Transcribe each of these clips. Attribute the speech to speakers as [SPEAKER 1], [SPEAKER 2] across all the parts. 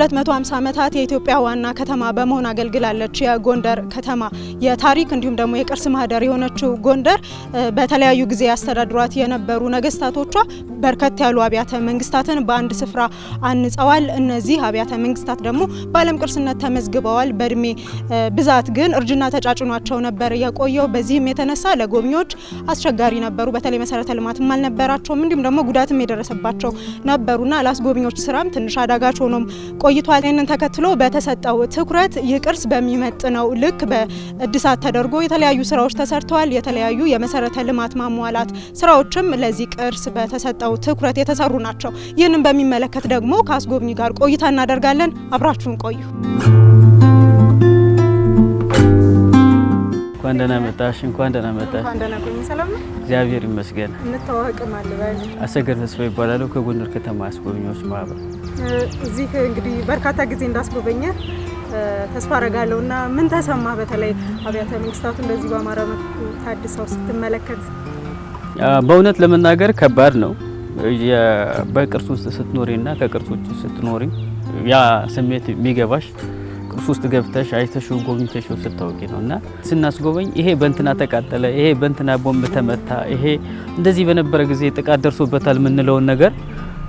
[SPEAKER 1] ለ250 ዓመታት የኢትዮጵያ ዋና ከተማ በመሆን አገልግላለች። የጎንደር ከተማ የታሪክ እንዲሁም ደግሞ የቅርስ ማህደር የሆነችው ጎንደር በተለያዩ ጊዜ ያስተዳድሯት የነበሩ ነገስታቶቿ በርከት ያሉ አብያተ መንግስታትን በአንድ ስፍራ አንጸዋል። እነዚህ አብያተ መንግስታት ደግሞ በዓለም ቅርስነት ተመዝግበዋል። በእድሜ ብዛት ግን እርጅና ተጫጭኗቸው ነበር የቆየው። በዚህም የተነሳ ለጎብኚዎች አስቸጋሪ ነበሩ። በተለይ መሰረተ ልማትም አልነበራቸውም፣ እንዲሁም ደግሞ ጉዳትም የደረሰባቸው ነበሩና ለአስጎብኚዎች ስራም ትንሽ አዳጋች ሆኖም ቆይቷል። ይህንን ተከትሎ በተሰጠው ትኩረት ይህ ቅርስ በሚመጥነው ልክ በእድሳት ተደርጎ የተለያዩ ስራዎች ተሰርተዋል። የተለያዩ የመሰረተ ልማት ማሟላት ስራዎችም ለዚህ ቅርስ በተሰጠው ትኩረት የተሰሩ ናቸው። ይህንን በሚመለከት ደግሞ ከአስጎብኚ ጋር ቆይታ እናደርጋለን። አብራችሁን ቆዩ።
[SPEAKER 2] እንኳን ደህና መጣሽ። እንኳን ደህና መጣሽ። እግዚአብሔር ይመስገን። አሰገድ ተስፋ ይባላሉ። ከጎንደር ከተማ አስጎብኚዎች ማህበር።
[SPEAKER 1] እዚህ እንግዲህ በርካታ ጊዜ እንዳስጎበኘ ተስፋ አረጋለሁ እና ምን ተሰማ? በተለይ አብያተ መንግስታቱ እንደዚህ በአማራ ታድሰው ስትመለከት
[SPEAKER 2] በእውነት ለመናገር ከባድ ነው። በቅርስ ውስጥ ስትኖሪ እና ከቅርስ ውጭ ስትኖሪ ያ ስሜት የሚገባሽ ቁሳቁስ ውስጥ ገብተሽ አይተሽው ጎብኝተሽው ስታወቂ ነው። እና ስናስጎበኝ ይሄ በእንትና ተቃጠለ፣ ይሄ በእንትና ቦምብ ተመታ፣ ይሄ እንደዚህ በነበረ ጊዜ ጥቃት ደርሶበታል የምንለውን ነገር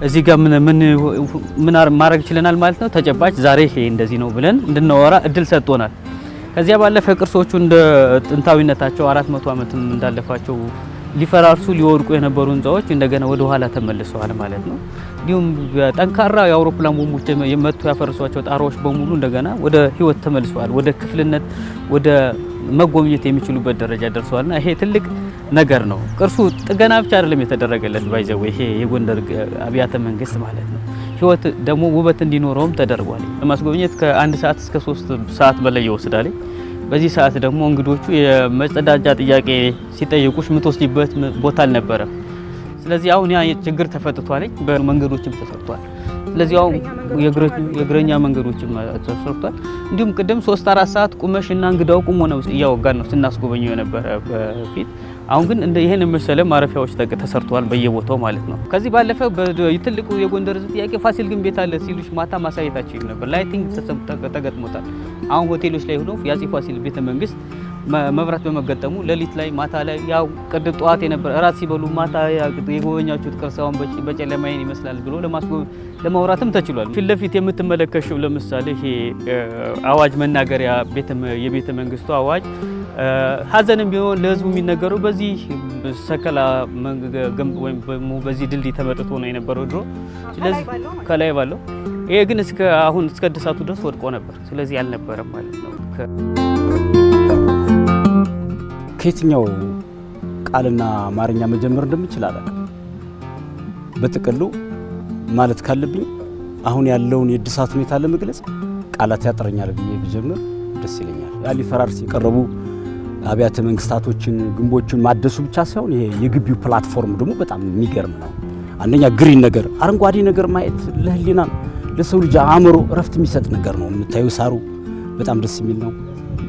[SPEAKER 2] እዚህ ጋር ምን ማድረግ ችለናል ማለት ነው። ተጨባጭ ዛሬ ይሄ እንደዚህ ነው ብለን እንድናወራ እድል ሰጥቶናል። ከዚያ ባለፈ ቅርሶቹ እንደ ጥንታዊነታቸው አራት መቶ ዓመትም እንዳለፋቸው ሊፈራርሱ ሊወድቁ የነበሩ ህንፃዎች እንደገና ወደ ኋላ ተመልሰዋል ማለት ነው። እንዲሁም በጠንካራ የአውሮፕላን ቦምቦች የመቱ ያፈረሷቸው ጣራዎች በሙሉ እንደገና ወደ ህይወት ተመልሰዋል። ወደ ክፍልነት፣ ወደ መጎብኘት የሚችሉበት ደረጃ ደርሰዋልና ይሄ ትልቅ ነገር ነው። ቅርሱ ጥገና ብቻ አይደለም የተደረገለት ባይዘው ይሄ የጎንደር አብያተ መንግስት ማለት ነው። ህይወት ደግሞ ውበት እንዲኖረውም ተደርጓል። ለማስጎብኘት ከአንድ ሰዓት እስከ ሶስት ሰዓት በላይ ይወስዳል። በዚህ ሰዓት ደግሞ እንግዶቹ የመጸዳጃ ጥያቄ ሲጠይቁሽ የምትወስጂበት ቦታ አልነበረም። ስለዚህ አሁን ያ ችግር ተፈትቷል። መንገዶችም ተሰርቷል። ስለዚህ አሁን የእግረኛ መንገዶችም ተሰርቷል። እንዲሁም ቅድም ሶስት አራት ሰዓት ቁመሽ እና እንግዳው ቁሞ ነው እያወጋን ነው ስናስጎበኘው የነበረ በፊት። አሁን ግን እንደ ይሄን መሰለ ማረፊያዎች ተሰርተዋል በየቦታው ማለት ነው። ከዚህ ባለፈ ትልቁ የጎንደር ሕዝብ ጥያቄ ፋሲል ግንብ ቤት አለ ሲሉሽ ማታ ማሳየታቸው ነበር። ላይቲንግ ተገጥሞታል። አሁን ሆቴሎች ላይ ሆኖ የአፄ ፋሲል ቤተ መንግስት መብራት በመገጠሙ ሌሊት ላይ ማታ ላይ ያው ቅድም ጠዋት የነበረ እራት ሲበሉ ማታ የጎበኛችሁት ቅርስ አሁን በጨለማይን ይመስላል ብሎ ለማውራትም ተችሏል። ፊት ለፊት የምትመለከሽው ለምሳሌ ይሄ አዋጅ መናገሪያ የቤተ መንግስቱ አዋጅ ሀዘንም ቢሆን ለህዝቡ የሚነገረው በዚህ ሰከላ ወይም በዚህ ድልድይ ተመጥቶ ነው የነበረው ድሮ።
[SPEAKER 1] ስለዚህ ከላይ ባለው
[SPEAKER 2] ይሄ ግን እስከ አሁን እስከ እድሳቱ ድረስ ወድቆ ነበር። ስለዚህ አልነበረም ማለት ነው።
[SPEAKER 3] ከየትኛው ቃልና አማርኛ መጀመር እንደምችል አላውቅም። በጥቅሉ ማለት ካለብኝ አሁን ያለውን የእድሳት ሁኔታ ለመግለጽ ቃላት ያጥረኛል ብዬ ብጀምር ደስ ይለኛል። ያሊ ሊፈራርስ የቀረቡ አብያተ መንግስታቶችን ግንቦችን ማደሱ ብቻ ሳይሆን ይሄ የግቢው ፕላትፎርም ደግሞ በጣም የሚገርም ነው። አንደኛ ግሪን ነገር አረንጓዴ ነገር ማየት ለህሊና ለሰው ልጅ አእምሮ እረፍት የሚሰጥ ነገር ነው። የምታዩ ሳሩ በጣም ደስ የሚል ነው።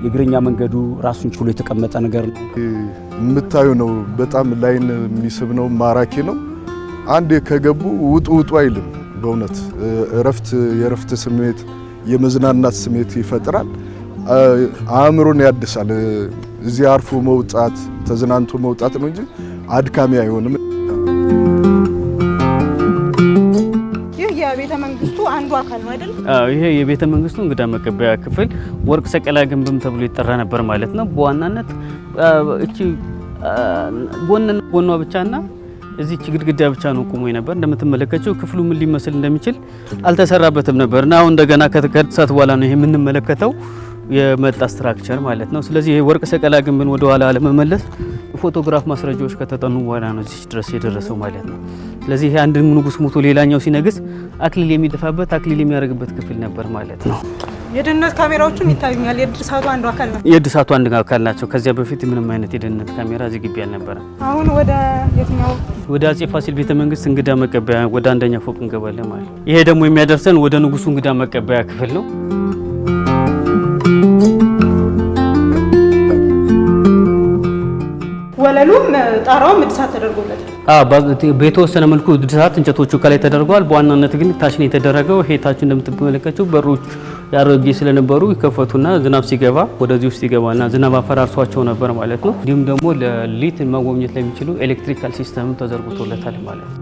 [SPEAKER 3] የእግረኛ መንገዱ ራሱን ችሎ የተቀመጠ ነገር ነው።
[SPEAKER 4] የምታዩ ነው። በጣም ላይን የሚስብ ነው፣ ማራኪ ነው። አንድ ከገቡ ውጡ ውጡ አይልም። በእውነት እረፍት የእረፍት ስሜት የመዝናናት ስሜት ይፈጥራል፣ አእምሮን ያድሳል። እዚህ አርፎ መውጣት ተዝናንቶ መውጣት ነው እንጂ አድካሚ አይሆንም።
[SPEAKER 1] የቤተ መንግስቱ አንዱ አካል ነው አይደል?
[SPEAKER 2] አዎ፣ ይሄ የቤተ መንግስቱ እንግዳ መቀበያ ክፍል ወርቅ ሰቀላ ግንብም ተብሎ ይጠራ ነበር ማለት ነው። በዋናነት እቺ ጎንና ጎኗ ብቻና እዚች ግድግዳ ብቻ ነው ቆሞ ነበር። እንደምትመለከተው ክፍሉ ምን ሊመስል እንደሚችል አልተሰራበትም ነበር እና አሁን እንደገና ከተሰት በኋላ ነው ይሄ የምንመለከተው። የመጣ ስትራክቸር ማለት ነው። ስለዚህ ይሄ ወርቅ ሰቀላ ግንብን ወደ ኋላ አለመመለስ ፎቶግራፍ ማስረጃዎች ከተጠኑ በኋላ ነው እዚህ ድረስ የደረሰው ማለት ነው። ስለዚህ ይሄ አንድ ንጉስ ሞቶ ሌላኛው ሲነግስ አክሊል የሚደፋበት አክሊል የሚያደርግበት ክፍል ነበር ማለት ነው።
[SPEAKER 1] የደህንነት ካሜራዎችም ይታዩኛል። የእድሳቱ አንዱ አካል ናቸው።
[SPEAKER 2] የእድሳቱ አንድ አካል ናቸው። ከዚያ በፊት ምንም አይነት የደህንነት ካሜራ እዚህ ግቢ አልነበረም።
[SPEAKER 1] አሁን ወደ የትኛው?
[SPEAKER 2] ወደ አጼ ፋሲል ቤተ መንግስት እንግዳ መቀበያ ወደ አንደኛ ፎቅ እንገባለን ማለት ነው። ይሄ ደግሞ የሚያደርሰን ወደ ንጉሱ እንግዳ መቀበያ ክፍል ነው።
[SPEAKER 1] ወለሉም ጣራውም እድሳት ተደርጎለት በተወሰነ መልኩ እድሳት እንጨቶቹ ከላይ ተደርገዋል። በዋናነት ግን ታችን የተደረገው ሄታችን እንደምትመለከተው በሮች ያረጌ ስለነበሩ ይከፈቱና ዝናብ ሲገባ ወደዚህ ውስጥ ይገባና ዝናብ አፈራርሷቸው ነበር ማለት ነው። እንዲሁም ደግሞ ለሊት መጎብኘት ለሚችሉ ኤሌክትሪካል ሲስተም ተዘርግቶለታል ማለት ነው።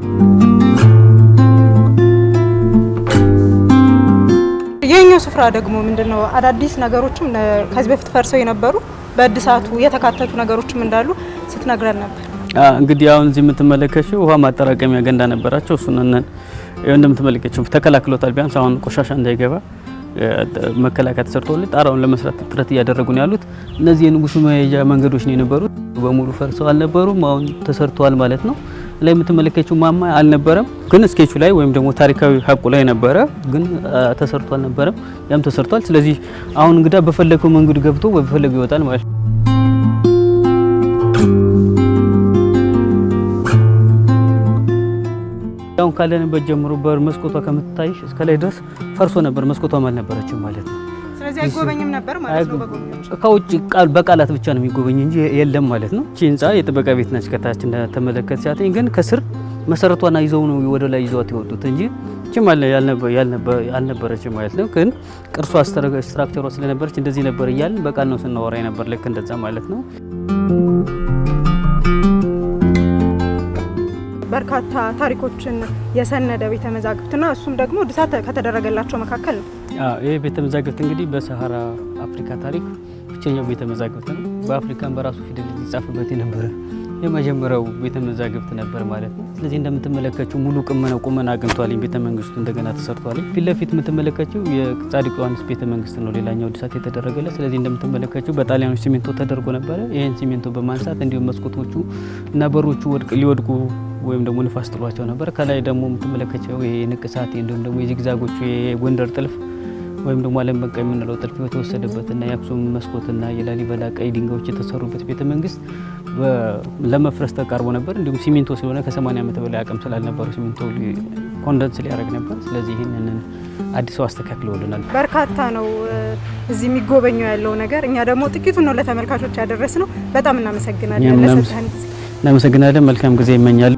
[SPEAKER 1] ይህኛው ስፍራ ደግሞ ምንድነው አዳዲስ ነገሮችም ከዚህ በፊት ፈርሰው የነበሩ በእድሳቱ የተካተቱ ነገሮችም እንዳሉ ነግረን ነበር። እንግዲህ አሁን እዚህ የምትመለከችው ውሃ ማጠራቀሚያ ገንዳ ነበራቸው። እሱን እንደምትመለከችው ተከላክሎታል። ቢያንስ አሁን ቆሻሻ እንዳይገባ መከላከያ ተሰርቶለት ጣራውን ለመስራት ጥረት እያደረጉ ነው ያሉት። እነዚህ የንጉሱ መሄጃ መንገዶች ነው የነበሩት። በሙሉ ፈርሰው አልነበሩም። አሁን ተሰርተዋል ማለት ነው። ላይ የምትመለከችው ማማ አልነበረም፣ ግን ስኬቹ ላይ ወይም ደግሞ ታሪካዊ ሀቁ ላይ ነበረ፣ ግን ተሰርቶ አልነበረም። ያም ተሰርቷል። ስለዚህ አሁን እንግዳ በፈለገው መንገድ ገብቶ በፈለገው ይወጣል ማለት ነው። ካለንበት ጀምሮ በር መስኮቷ ከምትታይሽ እስከ ላይ ድረስ ፈርሶ ነበር። መስኮቷም አልነበረችም ማለት ነው። ስለዚህ አይጎበኝም ነበር ማለት ነው። ከውጭ ቃል በቃላት ብቻ ነው የሚጎበኝ እንጂ የለም ማለት ነው። እቺ ህንጻ የጥበቃ ቤት ናች። ከታች እንደተመለከት ሲያተኝ ግን ከስር መሰረቷና ይዘው ነው ወደ ላይ ይዘዋት የወጡት እንጂ እቺ አልነበረችም ማለት ነው። ግን ቅርሷ ስትራክቸሯ ስለነበረች እንደዚህ ነበር እያልን በቃል ነው ስናወራ የነበር ልክ እንደዛ ማለት ነው። በርካታ ታሪኮችን የሰነደ ቤተ ና እሱም ደግሞ እድሳት ከተደረገላቸው መካከል ነው። ይህ ቤተ መዛግብት እንግዲህ በሰሃራ አፍሪካ ታሪክ ብቸኛው ቤተ መዛግብት ነው። በአፍሪካን በራሱ ፊደል ሊጻፍበት የነበረ የመጀመሪያው ቤተ መዛግብት ነበር ማለት ነው። ስለዚህ እንደምትመለከችው ሙሉ ቁመናው ቁመና አግኝቷል። ቤተ መንግስቱ እንደገና ተሰርቷል። ፊት ለፊት የምትመለከችው የጻድቁ ዮሐንስ ቤተ መንግስት ነው፣ ሌላኛው እድሳት የተደረገለት። ስለዚህ እንደምትመለከችው በጣሊያኖች ሲሚንቶ ተደርጎ ነበረ። ይህን ሲሜንቶ በማንሳት እንዲሁም መስኮቶቹ እና በሮቹ ሊወድቁ ወይም ደግሞ ንፋስ ጥሏቸው ነበር። ከላይ ደግሞ ይሄ ንቅሳት እንዲሁም ደግሞ የዚግዛጎቹ የጎንደር ጥልፍ ወይም ደግሞ ዓለም በቃ የምንለው ጥልፍ የተወሰደበትና የአክሱም መስኮትና የላሊበላ ቀይ ድንጋዮች የተሰሩበት ቤተ መንግስት ለመፍረስ ተቃርቦ ነበር። እንዲሁም ሲሚንቶ ስለሆነ ከ80 ዓመት በላይ አቅም ስላልነበረው ሲሚንቶ ኮንደንስ ሊያደርግ ነበር። ስለዚህ ይህንን አዲስ ሰው አስተካክለውልናል። በርካታ ነው እዚህ የሚጎበኘው ያለው ነገር፣ እኛ ደግሞ ጥቂቱን ነው ለተመልካቾች ያደረስ ነው። በጣም እናመሰግናለን። እናመሰግናለን። መልካም ጊዜ ይመኛል።